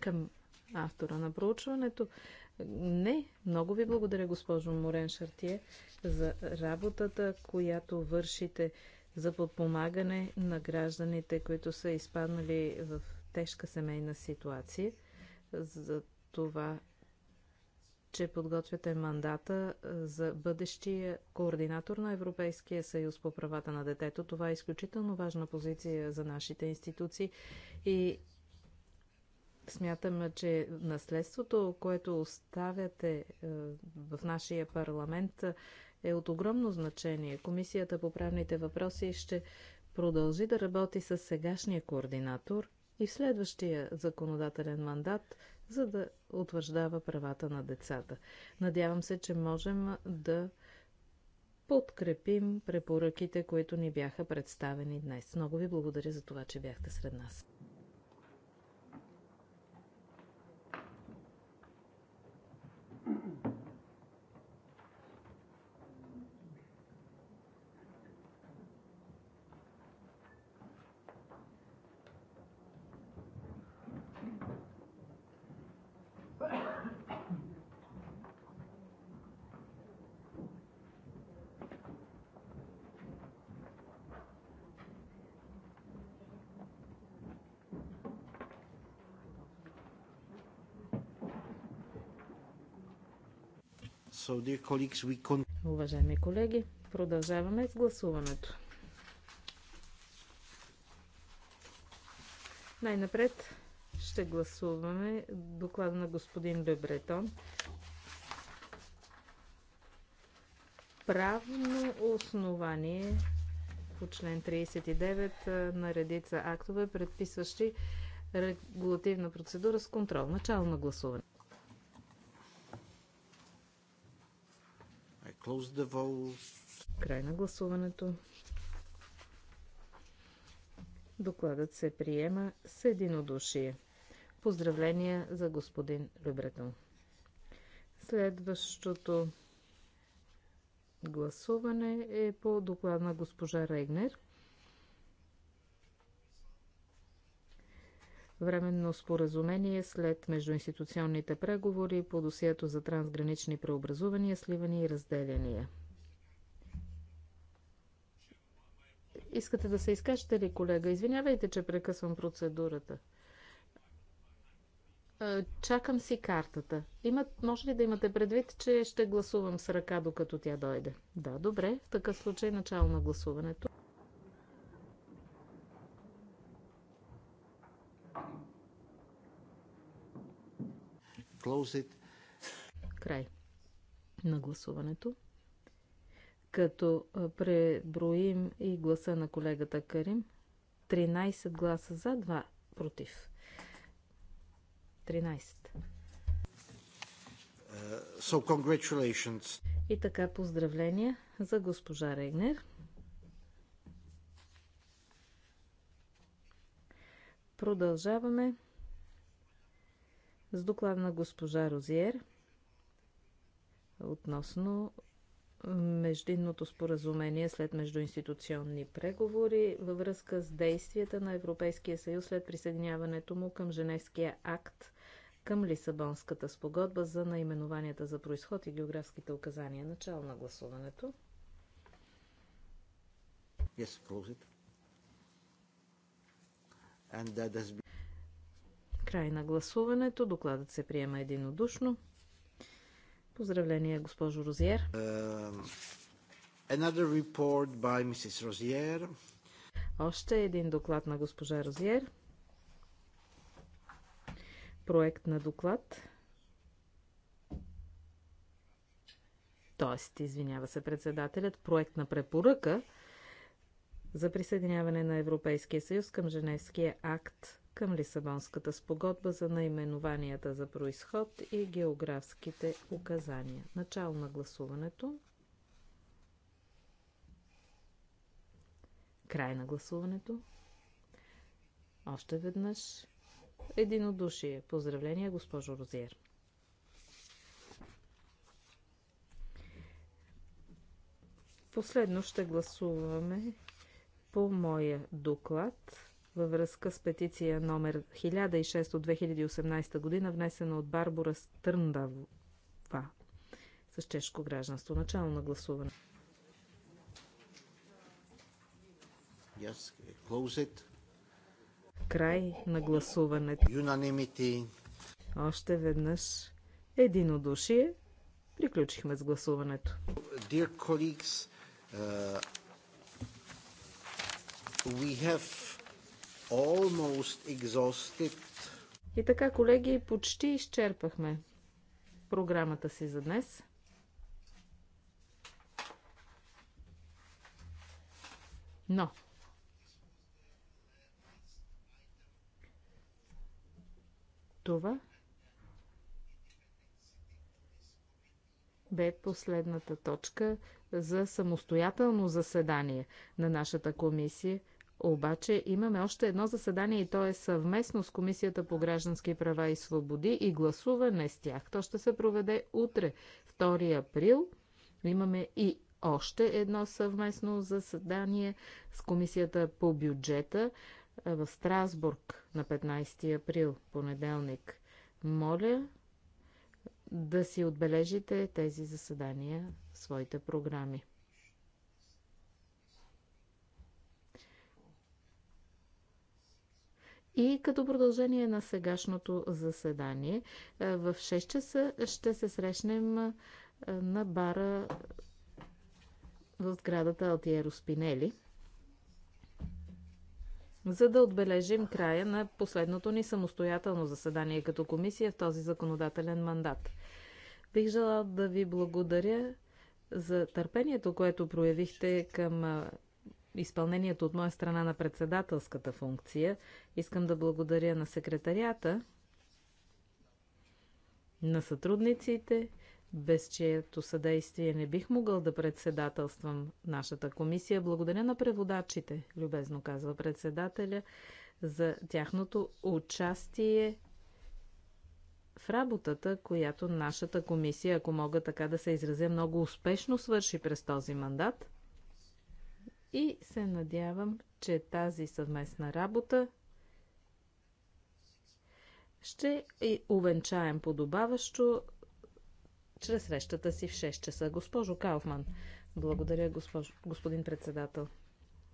към автора на проучването? Не. Много ви благодаря, госпожо Морен Шартие, за работата, която вършите за подпомагане на гражданите, които са изпаднали в тежка семейна ситуация, за това, че подготвяте мандата за бъдещия координатор на Европейския съюз по правата на детето. Това е изключително важна позиция за нашите институции и смятаме, че наследството, което оставяте в нашия парламент, е от огромно значение. Комисията по правните въпроси ще продължи да работи с сегашния координатор и в следващия законодателен мандат, за да утвърждава правата на децата. Надявам се, че можем да подкрепим препоръките, които ни бяха представени днес. Много ви благодаря за това, че бяхте сред нас. So, Уважаеми колеги, продължаваме с гласуването. Най-напред ще гласуваме доклада на господин Лебретон. Правно основание по член 39 на редица актове, предписващи регулативна процедура с контрол. Начало на гласуване. Край на гласуването. Докладът се приема с единодушие. Поздравления за господин Любретон. Следващото гласуване е по доклад на госпожа Регнер – временно споразумение след междуинституционните преговори по досието за трансгранични преобразувания, сливания и разделяния. Искате да се изкажете ли, колега? Извинявайте, че прекъсвам процедурата. Е, чакам си картата. Имат, може ли да имате предвид, че ще гласувам с ръка, докато тя дойде? Да, добре. В такъв случай начало на гласуването. Край на гласуването. Като преброим и гласа на колегата Карим, 13 гласа за, 2 против. 13. Uh, so congratulations. и така поздравления за госпожа Регнер. Продължаваме с доклада на госпожа Розиер относно междинното споразумение след междуинституционни преговори във връзка с действията на Европейския съюз след присъединяването му към Женевския акт към Лисабонската спогодба за наименованията за происход и географските указания. Начало на гласуването. Yes, Край на гласуването. Докладът се приема единодушно. Поздравление, госпожо Розиер. Розиер. Още един доклад на госпожа Розиер. Проект на доклад. Тоест, извинява се председателят, проект на препоръка за присъединяване на Европейския съюз към Женевския акт към Лисабонската спогодба за наименованията за происход и географските указания. Начало на гласуването. Край на гласуването. Още веднъж единодушие. Поздравления, госпожо Розиер. Последно ще гласуваме по моя доклад във връзка с петиция номер 1006 от 2018 година, внесена от Барбара Стърндава с чешко гражданство. Начало на гласуване. Yes, close it. Край на гласуването. Unanimity. Още веднъж единодушие. Приключихме с гласуването. Dear colleagues, uh, we have almost exhausted. И така, колеги, почти изчерпахме програмата си за днес. Но. Това бе последната точка за самостоятелно заседание на нашата комисия – обаче имаме още едно заседание и то е съвместно с Комисията по граждански права и свободи и гласуване с тях. То ще се проведе утре, 2 април. Имаме и още едно съвместно заседание с Комисията по бюджета е, в Страсбург на 15 април, понеделник. Моля е, да си отбележите тези заседания в своите програми. И като продължение на сегашното заседание, е, в 6 часа ще се срещнем е, на бара е, в сградата Алтиеро Спинели, за да отбележим края на последното ни самостоятелно заседание като комисия в този законодателен мандат. Бих желал да ви благодаря за търпението, което проявихте към изпълнението от моя страна на председателската функция. Искам да благодаря на секретарията, на сътрудниците, без чието съдействие не бих могъл да председателствам нашата комисия. Благодаря на преводачите, любезно казва председателя, за тяхното участие в работата, която нашата комисия, ако мога така да се изразя, много успешно свърши през този мандат и се надявам, че тази съвместна работа ще увенчаем подобаващо чрез срещата си в 6 часа. Госпожо Кауфман, благодаря, госпож... господин председател.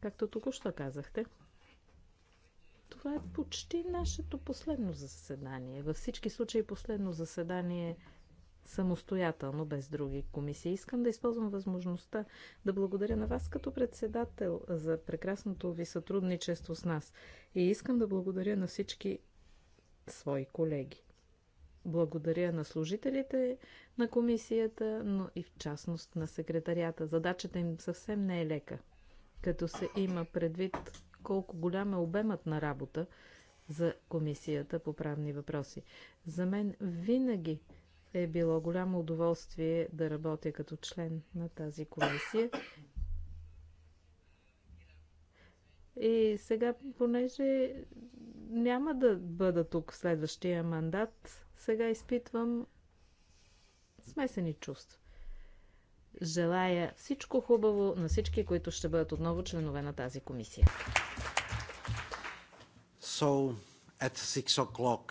Както току-що казахте, това е почти нашето последно заседание. Във всички случаи последно заседание самостоятелно, без други комисии. Искам да използвам възможността да благодаря на вас като председател за прекрасното ви сътрудничество с нас. И искам да благодаря на всички свои колеги. Благодаря на служителите на комисията, но и в частност на секретарията. Задачата им съвсем не е лека, като се има предвид колко голям е обемът на работа за комисията по правни въпроси. За мен винаги е било голямо удоволствие да работя като член на тази комисия. И сега, понеже няма да бъда тук следващия мандат, сега изпитвам смесени чувства. Желая всичко хубаво на всички, които ще бъдат отново членове на тази комисия. So, at 6 o'clock,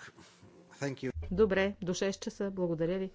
thank you. Добре, до 6 часа. Благодаря ви.